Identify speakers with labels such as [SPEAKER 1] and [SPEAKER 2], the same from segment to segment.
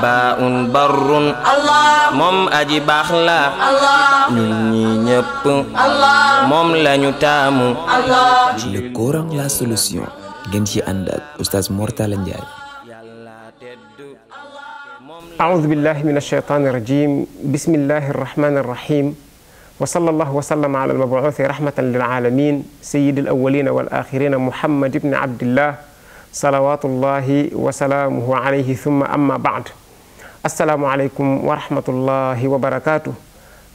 [SPEAKER 1] baun barrun moom aji baax la ñun ñi ñëpp moom lañu taamu le Coran la solution ngeen ci ànd ak Oustaz Mor Talla Ndiaye أعوذ بالله من الشيطان الرجيم بسم الله الرحمن الرحيم وصلى الله وسلم على المبعوث رحمة للعالمين سيد الأولين والآخرين محمد بن عبد الله صلوات الله وسلامه عليه ثم أما بعد asalaamaaleykum wa rahmatullahi wa barakaatu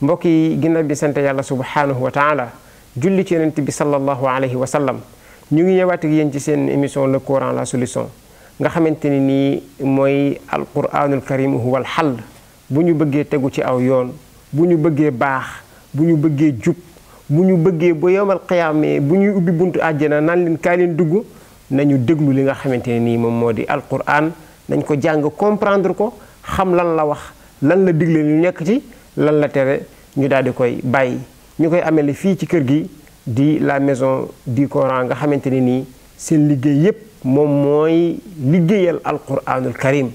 [SPEAKER 1] mbokk yi ginnaaw bi sant yàlla subhaanahu wa taala julli ci yonent bi sallallahu alayhi wa sallam ñu ngi ñëwaat ak yéen ci seen émission la solution nga xamante ni nii mooy alquranul karim huwa alxal bu ñu bëggee tegu ci aw yoon bu ñu bëggee baax bu ñu bëggee jub bu ñu bëggee ba yowmal qiyaamee bu ñuy ubbi buntu àjjana naan leen kaay leen dugg nañu déglu li nga xamante ne nii moom moo di al alquran nañ ko jàng comprendre ko xam lan la wax lan la digle lu nekk ci lan la tere ñu daal di koy bàyyi ñu koy amele fii ci kër gi di la maison di Coran nga xamante ne nii seen liggéey yépp moom mooy liggéeyal alquranul karim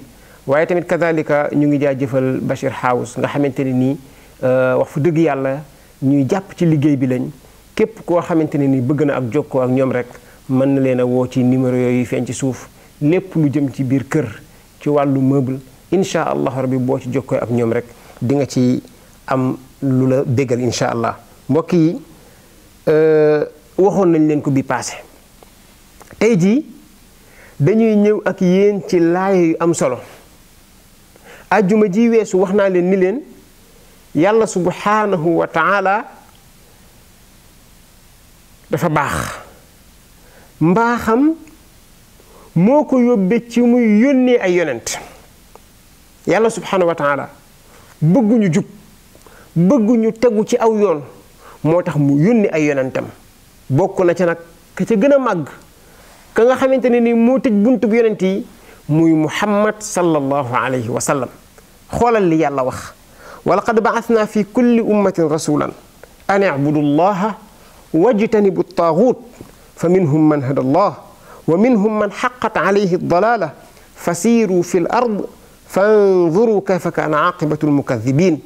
[SPEAKER 1] waaye tamit kazalika ñu ngi jaajëfal Bachir House nga xamante ne nii euh, wax fu dëgg yàlla ñuy jàpp ci liggéey bi lañ képp koo xamante ne nii bëgg na ak jokkoo ak ñoom rek mën na leen a woo ci numéro yooyu feeñ ci suuf lépp lu jëm ci biir kër ci wàllu meuble incha allah rabbi boo ci jokkoo ak ñoom rek di nga ci am lu la déggal incha allah mbokk yi euh, waxoon nañ leen ko bi passé tey jii dañuy ñëw ak yéen ci laaya yu am solo ajjuma ji weesu wax naa leen ni leen yàlla subhaanahu wa taala dafa baax mbaaxam moo ko yóbbe ci muy yónnee ay yonent yàlla subhanahu wa taala bëgguñu jub bëgguñu tegu ci aw yoon moo tax mu yónni ay yonentam bokk na ca nag ka ca gën a màgg ka nga xamante ne ni moo tëj buntu bu yonent yi muy muhammad sallallahu alayhi wa sallam xoolal li yàlla wax wa laqad ba'athna fi kulli ummatin rasulan an i'budu allaha wajtanibu taaguut fa minhum man hada allah wa minhum man xaqat alayhi fa siiru fi l ard fanzuru kayfa kaana aqibatu almukadibin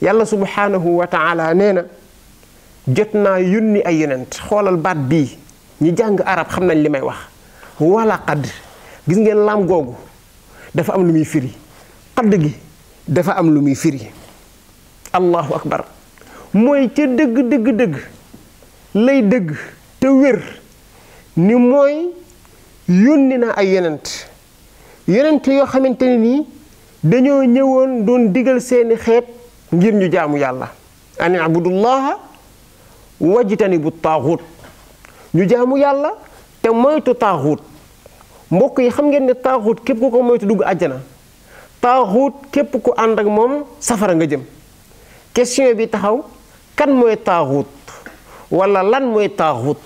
[SPEAKER 1] yàlla subhaanahu wa taala nee na jot naa yónni ay yonent xoolal baat bi ñi jàng arab xam nañ li may wax wala xadd gis ngeen laam googu dafa am lu muy firi xadd am lu muy firi allahu akbar mooy ca dëgg dëgg dëgg lay dëgg te wér ni mooy yónni na ay yonent yonent yoo xamante ne nii dañoo ñëwoon doon digal seeni xeet ngir ñu jaamu yàlla ane an ibudullaha bu taaxut ñu jaamu yàlla te moytu taaxut mbokk yi xam ngeen ne taaxut képp ku ko moytu dugg àjjana taaxut képp ku ànd ak moom safara nga jëm question bi taxaw kan mooy taaxut wala lan mooy taaxut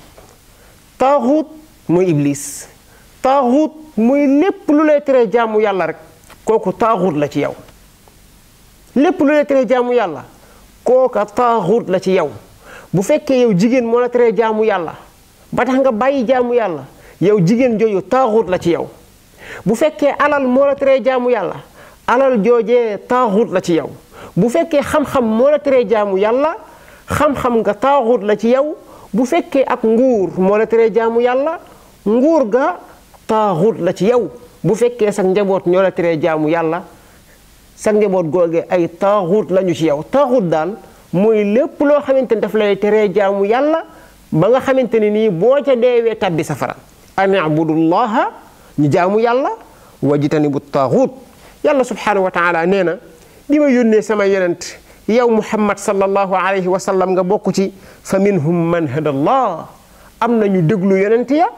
[SPEAKER 1] taaxut mooy iblis taaxut mooy lépp lu lay teree jaamu yàlla rek kooku taaxut la ci yow lépp lu lay teree jaamu yàlla kooka taaxut la ci yow bu fekkee yow jigéen moo la teree yàlla ba nga bàyyi jaamu yàlla yow jigéen jooju taaxut la ci yow bu fekkee alal moo la teree jaamu yàlla alal joojee taaxut la ci yow bu fekkee xam-xam moo la teree jaamu yàlla xam-xam nga taaxut la ci yow bu fekke ak nguur mo la teree jaamu yalla nguur ga taaxut la ci yow bu fekke sax njabot ñola la jaamu yalla sax njabot goge ay taaxut lañu ci yow taaxut dal moy lepp lo xamanteni daf lay teree jaamu yalla ba nga xamanteni ni bo ca deewee tabbi safara an abudullaha jaamu yalla wajitani bu taaxut yalla subhanahu wa taala neena na di sama yonent yow muhammad sallallahu alayhi wa sallam nga bokk ci fa minhum man hada allah am na ñu déglu yonent ya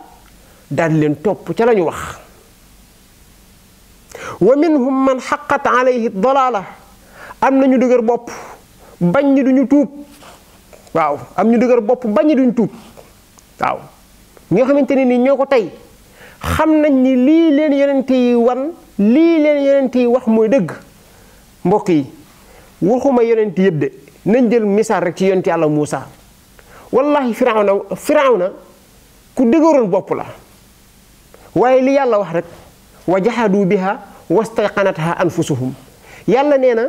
[SPEAKER 1] daal leen topp ca la wax wa minhum man xaqat alayhi am na ñu dëgër bopp bañ duñu tuub waaw am ñu dëgër bopp bañ ñi duñu tuub ñoo xamante ne ni ñoo ko tey xam nañ ni lii leen yonent wan lii leen yonent yi wax mooy dëgg mbokk yi waxuma yonent yëpp de nañ jël misaal rek ci yonent yàlla Muusa wallahi firawna na ku dëgëroon bopp la waaye li yàlla wax rek wa jaxadu biha wastayqanatha anfusuhum yàlla nee na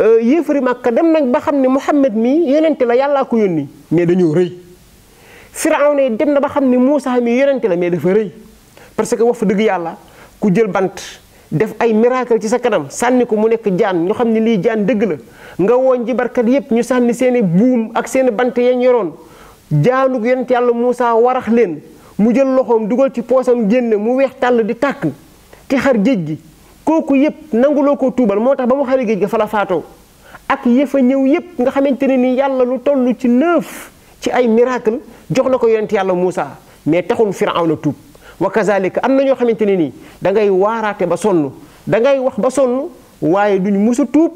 [SPEAKER 1] euh, yéefari màkka dem nañ ba xam ne Muhammad mii yonente la yàllaa ko yónni mais dañoo rëy firawna dem na ba xam ne Muusa mi yonente la mais dafa rëy parce que wax fa dëgg yàlla ku jël bant def ay miracle ci sa kanam sànni ko mu nekk jaan ñu xam ne lii jaan dëgg la nga woon jibarkat yépp ñu sànni seen i buum ak seen bant yañ yoroon jaanug yonent yàlla Muusa warax leen mu jël loxoom dugal ci poosam génn mu weex tàll di tàkk ci xar géej gi kooku yépp nanguloo ko tuubal moo tax ba mu xare géej ga fa la faatoo ak yëfa ñëw yépp nga xamante ne ni yàlla lu toll ci nëf ci ay miracle jox na ko yonent yàlla Muusa mais taxul Firawna tuub wa kazalika am na ñoo xamante ne nii da ngay waaraate ba sonn da ngay wax ba sonn waaye duñ mus a tuub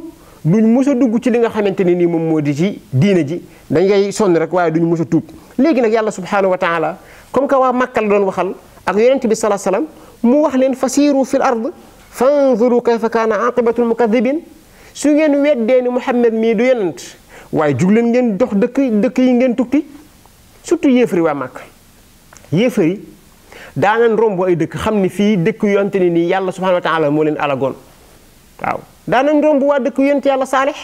[SPEAKER 1] duñ mus a dugg ci li nga xamante ne nii moom moo di ci diine ji da ngay sonn rek waaye duñ mus a tuub léegi nag yàlla subhaanahu wa taala comme que waa Makka la doon waxal ak yonent bi salaa salaam mu wax leen fasiiru fil ard fanzuru kayfa kaana aqibatul mukadibin su ngeen weddee ni Muhammad mii du yonent waaye jug leen ngeen dox dëkk dëkk yi ngeen tukki surtout yéefari waa Makka yéefari daanañ romb ay dëkk xam ni fii dëkk yonte ni nii yàlla subhanahu wa taala moo leen alagoon waaw daanañ romb waa dëkk yonte yàlla saalix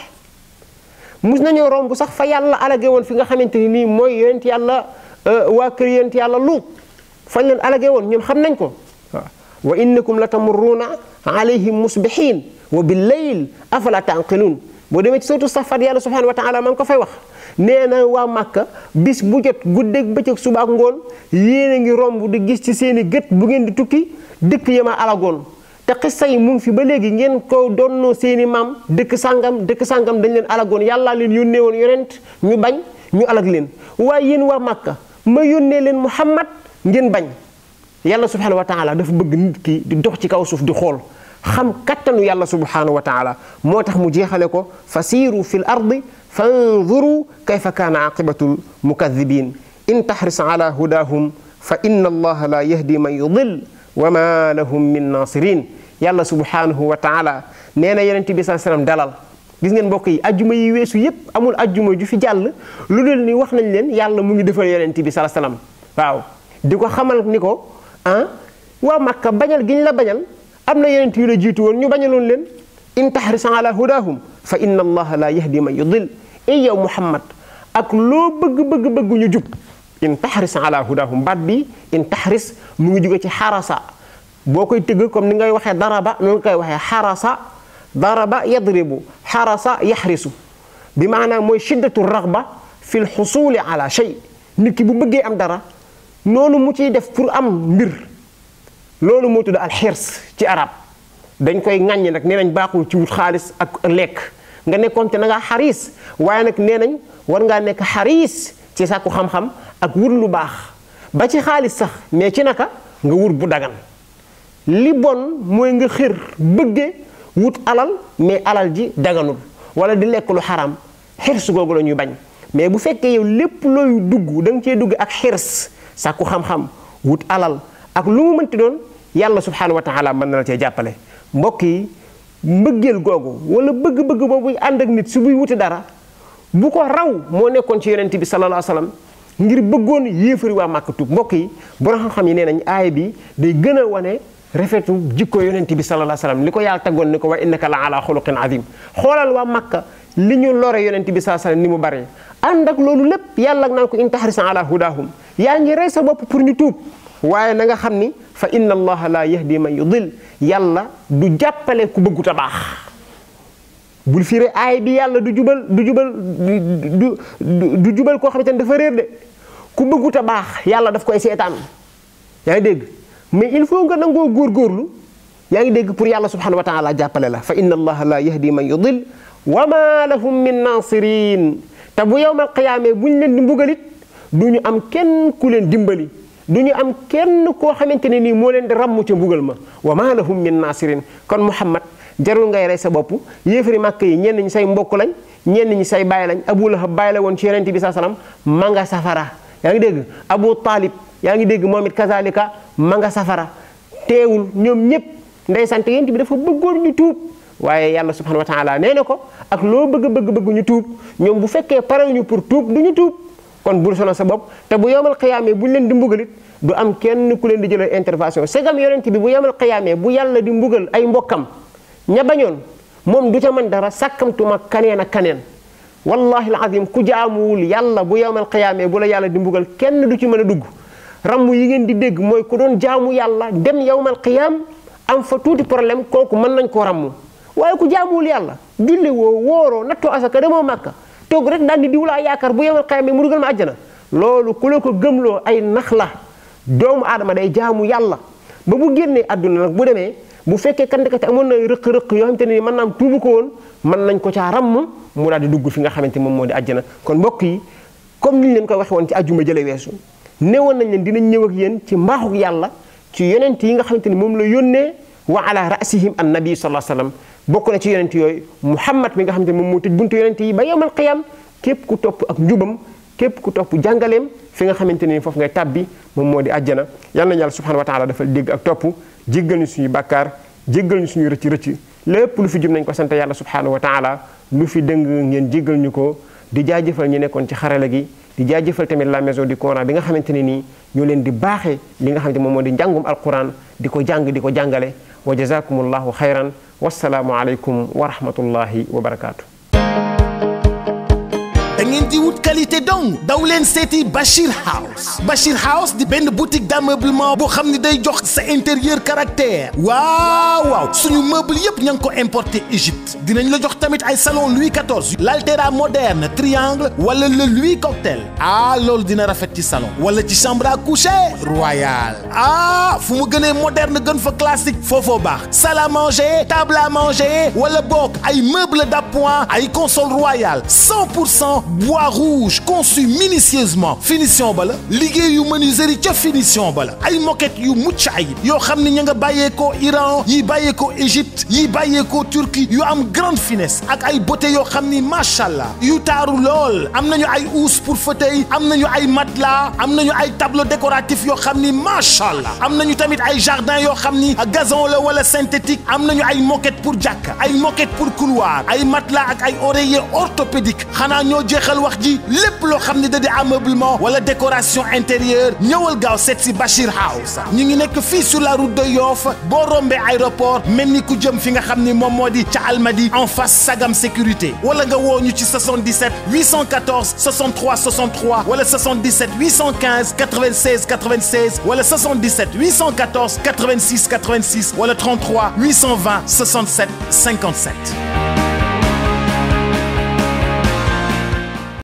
[SPEAKER 1] mus nañoo romb sax fa yàlla alage woon fi nga xamante ni nii mooy yonent yàlla euh, waa kër yonent yàlla luut fañ leen alage woon ñoom xam nañ ko waaw wa innakum la tamurruuna alayhim musbihin wa bil layl afala taqilun boo demee ci sootu safat yàlla subhanahu wa taala maa ngi ko fay wax nee na waa màkka bis bu jot guddeeg bëccëg suba ak ngoon yéen a ngi romb di gis ci seen i gët bu ngeen di tukki dëkk ya alagoon te xissa yi mu fi ba léegi ngeen ko donnoo seen i maam dëkk sàngam dëkk sàngam dañ leen alagoon yàllaa leen yónnee woon yonent ñu bañ ñu alag leen waaye yéen waa màkka ma yónnee leen muhammad ngeen bañ yàlla subhanahu wa taala dafa bëgg nit ki di dox ci kaw suuf di xool xam kattanu yàlla subhanahu wa taala moo tax mu jeexale ko fa fasiiru fi l ardi fanzuru kayfa kaana aqibatu lmukadibin in taxris ala hudahum fa inna allaha la yahdi man yudil wa ma lahum min nasirin yàlla subhanahu wa taala nee na yonent bi saa sallam dalal gis ngeen mbokk yi ajjuma yi weesu yépp amul ajjuma ju fi jàll lu dul ni wax nañ leen yàlla mu ngi defal yonent bi saa sallam waaw di ko xamal ni ko ah waa Makka bañal giñ la bañal am na yeneen yu jiitu woon ñu bañaloon leen in tahrisan ala hudahum fa inna allaha la yahdi man yudil ey yow muhammad ak loo bëgg bëgg bëgg ñu jub in tahris ala hudahum baat bi in tahris mu ngi jóge ci xarasa boo koy tëgg comme ni ngay waxee daraba noonu koy waxee xarasa daraba yadribu xarasa yaxrisu bi maanaam mooy shiddatu raxba fi lxusuli ala shay nit ki bu bëggee am dara noonu mu ciy def pour am mbir loolu moo tudd alxirs ci arab dañ koy ŋàññi nag nee nañ baaxul ci wut xaalis ak lekk nga nekkoon ci na ngaa xariis waaye nag nee nañ war ngaa nekk xariis ci sàkku xam-xam ak wut lu baax ba ci xaalis sax mais ci naka nga wut bu dagan li bon mooy nga xir bëgge wut alal mais alal ji daganul wala di lekk lu xaram xirs googu lañuy bañ mais bu fekkee yow lépp looyu dugg da nga cee dugge ak xirs sàkku xam-xam wut alal ak lu mu mënti doon yàlla subhaanahu wa taala mën na la cee jàppale mbokk yi mbëggeel googu wala bëgg-bëgg boobu ànd ak nit su buy wuti dara bu ko raw moo nekkoon ci yonent bi sallallahu laa wa sallam ngir bëggoon yéefari waa Màkka mbokk yi borom xam-xam yi nee nañ aaya bi day gën a wane rafetu jikko yonent bi sallallahu alayhi wa sallam li ko yàlla taggoon ni ko wa innaka la ala xuluqin azim xoolal waa Màkka li ñu lore yonent bi sa alayhi wa sallam ni mu bare ànd ak loolu lépp yàlla naan ko in tahrisan ala hudahum yaa ngi rey sa bopp pour ñu tuub waaye na nga xam ni fa inna allaha la yahdi man yudil yàlla du jàppale ku bëggut a baax bul firé aay bi yàlla du jubal du jubal du jubal koo xamante ne dafa réer de ku bëggut a baax yàlla daf koy seetaan yaa ngi dégg mais il faut nga nangoo góorgóorlu yaa ngi dégg pour yàlla subhanahu wa taala jàppale la fa inna allaha la yahdi man yudil wa la lahum min naasirin te bu yowmal qiyaamee buñ leen di mbugalit du ñu am kenn ku leen dimbali du ñu am kenn koo xamante ne nii moo leen di ràmm ca mbugal ma wa maa lahum min naasirin kon muhammad jarul ngay rey sa bopp yéefari màkk yi ñenn ñi say mbokk lañ ñenn ñi say baay lañ abu lahab baay la woon ci yonent bi saa salaam ma nga safara yaa ngi dégg abu taalib yaa ngi dégg moom it kazalika ma nga safara teewul ñoom ñëpp ndeysante yonent bi dafa bëggoon ñu tuub waaye yàlla subhanahu wa taala nee na ko ak loo bëgg bëgg bëgg ñu tuub ñoom bu fekkee parewuñu pour tuub du ñu tuub kon bul sonal sa bopp te bu yowmal xiyaamee ñu leen di mbugalit du am kenn ku leen di jëlal intervention segam yonent bi bu yowmal xiyaamee bu yàlla di mbugal ay mbokkam ña bañoon moom du ca mën dara sàkkamtuma kaneen ak kaneen wallahi alazim ku jaamuwul yàlla bu yowmal xiyaamee bu la yàlla di mbugal kenn du ci mën a dugg ramm yi ngeen di dégg mooy ku doon jaamu yàlla dem yowmal xiyaam am fa tuuti problème kooku mën nañ koo ramu waaye ku jaamuwul yàlla julli woo wóoroo nattoo asaka demoo màkka toog rek daal di diw laa yaakaar bu yemal xayam bi mu dugal ma àjjana loolu ku la ko gëmloo ay nax la doomu aadama day jaamu yàlla ba bu génnee àdduna nag bu demee bu fekkee kandikate amoon na rëq-rëq yoo xamante ne mën naam tuubu ko woon mën nañ ko caa ràmm mu daal di dugg fi nga xamante moom moo di àjjana kon mbokk yi comme ni ñu leen koy waxe woon ci àjjuma jële weesu newoon nañ leen dinañ ñëw yéen ci mbaaxuk yàlla ci yonent yi nga xamante ni moom la yónnee wa ala rasihim an nabi sallallahu alayhi wa sallam bokk na ci yonent yooyu muhammad mi nga xam ne moom moo tëj buntu yonent yi ba yowmal qiyam képp ku topp ak njubam képp ku topp jàngaleem fi nga xamante ne foofu ngay tàbbi moom moo di àjjana yal nañu yàlla subhanahu taala dafa dégg ak topp jéggal ñu suñu bàkkaar jéggal ñu suñu rëcc lépp lu fi jub nañ ko sant yàlla subhanahu wa taala lu fi dëng ngeen jéggal ñu ko di jaajëfal ñi nekkoon ci xarala gi di jaajëfal tamit la maison du Coran bi nga xamante ne nii ñoo leen di baaxee li nga xam xamante moom moo di njàngum alquran di ko jàng di ko jàngale وجزاكم الله خيرا والسلام عليكم ورحمة الله وبركاته
[SPEAKER 2] da wut qualité donc daw leen Bashir House Bashir House di une boutique d'ameublement bo xamni day jox sa intérieur caractère waaw waaw suñu meuble yëpp ña ngi ko importé Égypte dinañ la jox tamit ay salon Louis XIV l'altera moderne triangle wala le Louis cocktail ah lol dina rafet ci salon wala ci chambre à coucher royal ah fu mu moderne gën fa classique fofo baax salle à manger table à manger wala bok ay meuble d'appoint ay console royale 100 bois rouge conçu minutieusement finition bala la liggéeyu menuiserie finition bala ay moquette yu mucc yo yoo xam ne ña nga Iran yi ko Égypte yi ko Turquie yu am grande finesse ak ay beauté yo xamni machallah yu taru lol am nañu ay housse pour fauteuil am nañu ay matelas am nañu ay tableau décoratif yo xamni machallah macha yo am tamit ay jardin yo xamni gazon la wala synthétique am nañu ay moquette pour jàkka ay moquette pour couloir ay matelas ak ay oreiller orthopédique xana ñoo jeexal wax ji lepp lo xamni di ameublement wala décoration intérieure ñewal gaaw seet Bashir House ñi ngi nekk sur la route de Yoff Borombe aéroport même ni ku jëm fi nga xamni mom modi en face Sagam sécurité wala nga woo ci 77 814 63 63 wala 77 815 96 96 wala 77 814 86 86 wala 33 820 67 57.